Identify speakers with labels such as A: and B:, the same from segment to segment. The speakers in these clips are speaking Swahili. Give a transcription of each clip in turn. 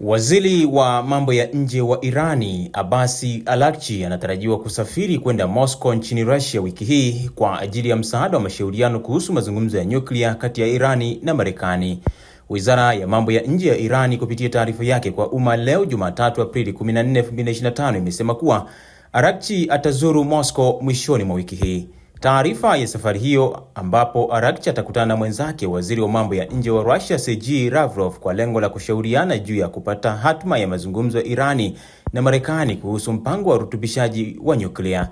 A: Waziri wa mambo ya nje wa Irani, abasi Araghchi anatarajiwa kusafiri kwenda Moscow nchini Russia wiki hii kwa ajili ya msaada wa mashauriano kuhusu mazungumzo ya nyuklia kati ya Irani na Marekani. Wizara ya Mambo ya Nje ya Irani kupitia taarifa yake kwa umma leo Jumatatu, Aprili 14, 2025 imesema kuwa Araghchi atazuru Moscow mwishoni mwa wiki hii. Taarifa ya safari hiyo ambapo Araghchi atakutana na mwenzake waziri wa mambo ya nje wa Russia Sergei Lavrov kwa lengo la kushauriana juu ya kupata hatma ya mazungumzo ya Irani na Marekani kuhusu mpango wa urutubishaji wa nyuklia.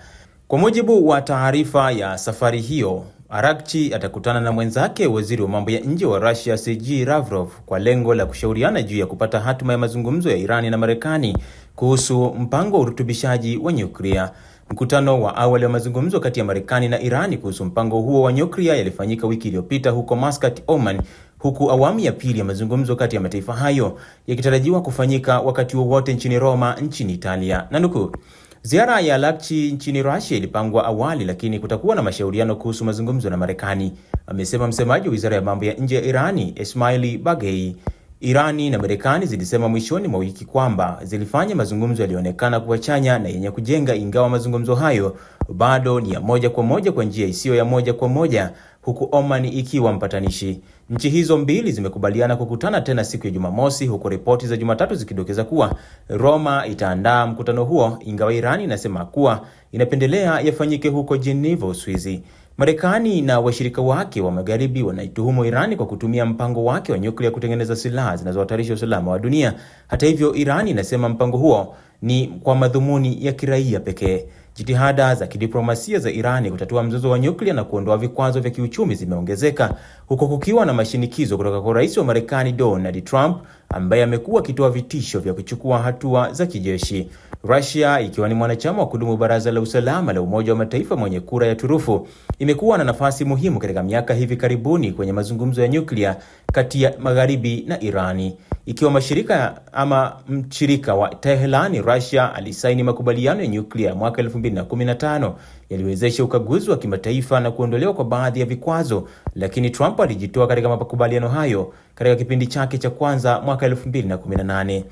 A: Kwa mujibu wa taarifa ya safari hiyo, Araghchi atakutana na mwenzake waziri wa mambo ya nje wa Russia Sergei Lavrov kwa lengo la kushauriana juu ya kupata hatma ya mazungumzo ya Irani na Marekani kuhusu mpango wa urutubishaji wa nyuklia. Mkutano wa awali wa mazungumzo kati ya Marekani na Irani kuhusu mpango huo wa nyuklia yalifanyika wiki iliyopita huko Muscat, Oman, huku awamu ya pili ya mazungumzo kati ya mataifa hayo yakitarajiwa kufanyika wakati wowote nchini Roma nchini Italia. Nanukuu, ziara ya Lakchi nchini Russia ilipangwa awali, lakini kutakuwa na mashauriano kuhusu mazungumzo na Marekani, amesema msemaji wa wizara ya mambo ya nje ya Irani, Esmaili bagei Irani na Marekani zilisema mwishoni mwa wiki kwamba zilifanya mazungumzo yaliyoonekana kuwa chanya na yenye kujenga, ingawa mazungumzo hayo bado ni ya moja kwa moja kwa njia isiyo ya moja kwa moja, huku Oman ikiwa mpatanishi. Nchi hizo mbili zimekubaliana kukutana tena siku ya Jumamosi, huku ripoti za Jumatatu zikidokeza kuwa Roma itaandaa mkutano huo, ingawa Irani inasema kuwa inapendelea yafanyike huko Geneva, Uswizi. Marekani na washirika wake wa Magharibi wanaituhumu Irani kwa kutumia mpango wake wa nyuklia kutengeneza silaha zinazohatarisha usalama wa dunia. Hata hivyo, Irani inasema mpango huo ni kwa madhumuni ya kiraia pekee. Jitihada za kidiplomasia za Irani kutatua mzozo wa nyuklia na kuondoa vikwazo vya kiuchumi zimeongezeka, huku kukiwa na mashinikizo kutoka kwa Rais wa Marekani Donald Trump ambaye amekuwa akitoa vitisho vya kuchukua hatua za kijeshi. Russia ikiwa ni mwanachama wa kudumu Baraza la Usalama la Umoja wa Mataifa mwenye kura ya turufu, imekuwa na nafasi muhimu katika miaka hivi karibuni kwenye mazungumzo ya nyuklia kati ya Magharibi na Irani. Ikiwa mashirika ama mshirika wa Teherani, Russia alisaini makubaliano ya nyuklia mwaka 2015 yaliwezesha ukaguzi wa kimataifa na kuondolewa kwa baadhi ya vikwazo, lakini Trump alijitoa katika makubaliano hayo katika kipindi chake cha kwanza mwaka mwaka 2018.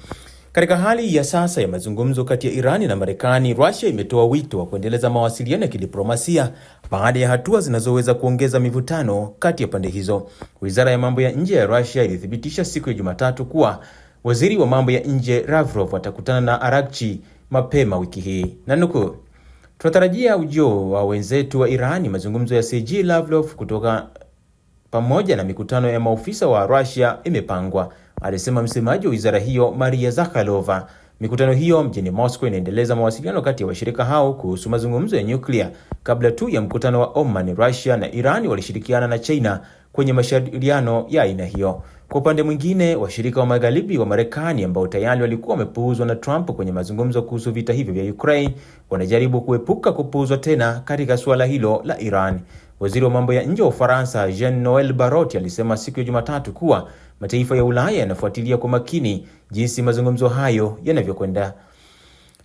A: Katika hali ya sasa ya mazungumzo kati ya Irani na Marekani, Russia imetoa wito wa kuendeleza mawasiliano ya kidiplomasia baada ya hatua zinazoweza kuongeza mivutano kati ya pande hizo. Wizara ya mambo ya nje ya Russia ilithibitisha siku ya Jumatatu kuwa waziri wa mambo ya nje Lavrov atakutana na Araghchi mapema wiki hii, na tunatarajia ujio wa wenzetu wa Irani, mazungumzo ya Sergei Lavrov kutoka pamoja na mikutano ya maofisa wa Russia imepangwa alisema msemaji wa wizara hiyo Maria Zakharova. Mikutano hiyo mjini Moscow inaendeleza mawasiliano kati ya washirika hao kuhusu mazungumzo ya nyuklia. Kabla tu ya mkutano wa Oman, Russia na Iran walishirikiana na China kwenye mashauriano ya aina hiyo. Kwa upande mwingine, washirika wa magharibi wa Marekani ambao tayari walikuwa wamepuuzwa na Trump kwenye mazungumzo kuhusu vita hivyo vya Ukraine wanajaribu kuepuka kupuuzwa tena katika suala hilo la Iran. Waziri wa mambo ya nje wa Ufaransa Jean Noel Barrot alisema siku ya Jumatatu kuwa mataifa ya Ulaya yanafuatilia kwa makini jinsi mazungumzo hayo yanavyokwenda.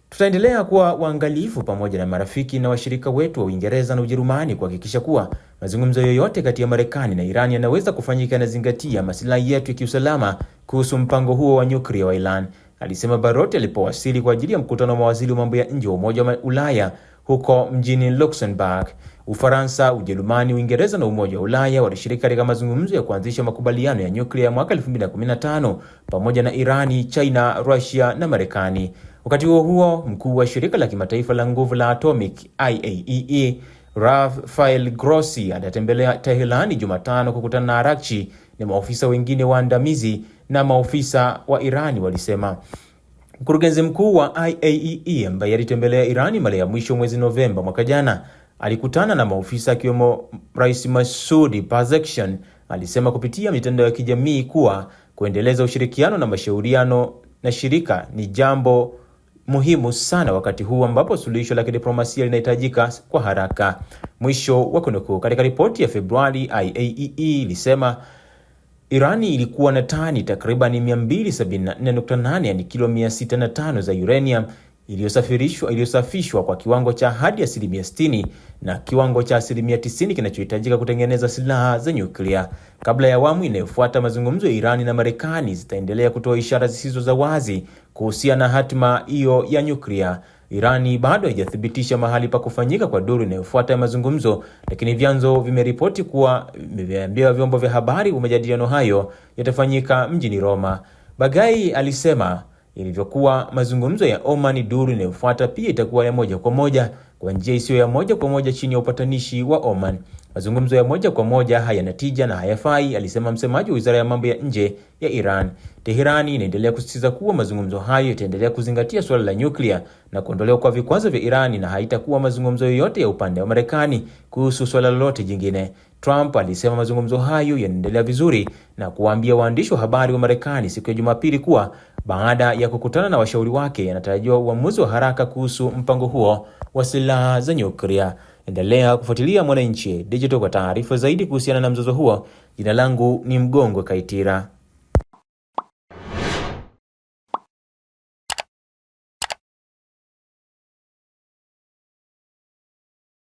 A: Tutaendelea kuwa waangalifu pamoja na marafiki na washirika wetu wa Uingereza na Ujerumani kuhakikisha kuwa mazungumzo yoyote kati ya Marekani na Iran yanaweza kufanyika yanazingatia masilahi yetu ya kiusalama kuhusu mpango huo wa nyuklia wa Iran, alisema Barrot alipowasili kwa ajili ya mkutano wa mawaziri wa mambo ya nje wa Umoja wa Ulaya huko mjini Luxembourg. Ufaransa, Ujerumani, Uingereza na Umoja wa Ulaya walishiriki katika mazungumzo ya kuanzisha makubaliano ya nyuklia ya mwaka 2015 pamoja na Irani, China, Russia na Marekani. Wakati huo huo, mkuu wa shirika la kimataifa la nguvu la atomic IAEA e e, Rafael Grossi atatembelea Teherani Jumatano kukutana na Arakchi na maofisa wengine waandamizi na maofisa wa Irani walisema. Mkurugenzi mkuu wa IAEA e e ambaye alitembelea Irani mara ya mwisho mwezi Novemba mwaka jana alikutana na maofisa akiwemo Rais Masoud Pezeshkian alisema kupitia mitandao ya kijamii kuwa kuendeleza ushirikiano na mashauriano na shirika ni jambo muhimu sana wakati huu ambapo suluhisho la kidiplomasia linahitajika kwa haraka. Mwisho wa kunukuu. Katika ripoti ya Februari, IAEA e ilisema Irani ilikuwa na tani takriban 274.8 yaani kilo 605 za uranium iliyosafirishwa iliyosafishwa kwa kiwango cha hadi asilimia 60 na kiwango cha asilimia 90 kinachohitajika kutengeneza silaha za nyuklia. Kabla ya awamu inayofuata, mazungumzo ya Irani na Marekani zitaendelea kutoa ishara zisizo za wazi kuhusiana na hatima hiyo ya nyuklia. Irani bado haijathibitisha mahali pa kufanyika kwa duru inayofuata ya mazungumzo, lakini vyanzo vimeripoti kuwa vimeambia vyombo vya habari majadiliano hayo yatafanyika mjini Roma. Bagai alisema ilivyokuwa. Mazungumzo ya Oman duru inayofuata pia itakuwa ya moja kwa moja kwa njia isiyo ya moja kwa moja chini ya upatanishi wa Oman. Mazungumzo ya moja kwa moja hayana tija na hayafai, alisema msemaji wa wizara ya mambo ya nje ya Iran. Teherani inaendelea kusisitiza kuwa mazungumzo hayo yataendelea kuzingatia suala la nyuklia na kuondolewa kwa vikwazo vya iran na haitakuwa mazungumzo yoyote ya upande wa Marekani kuhusu suala lolote jingine. Trump alisema mazungumzo hayo yanaendelea vizuri na kuwaambia waandishi wa habari wa Marekani siku ya Jumapili kuwa baada ya kukutana na washauri wake, anatarajiwa uamuzi wa haraka kuhusu mpango huo wa silaha za nyuklia. Endelea kufuatilia Mwananchi Digital kwa taarifa zaidi kuhusiana na mzozo huo. Jina langu ni Mgongo Kaitira.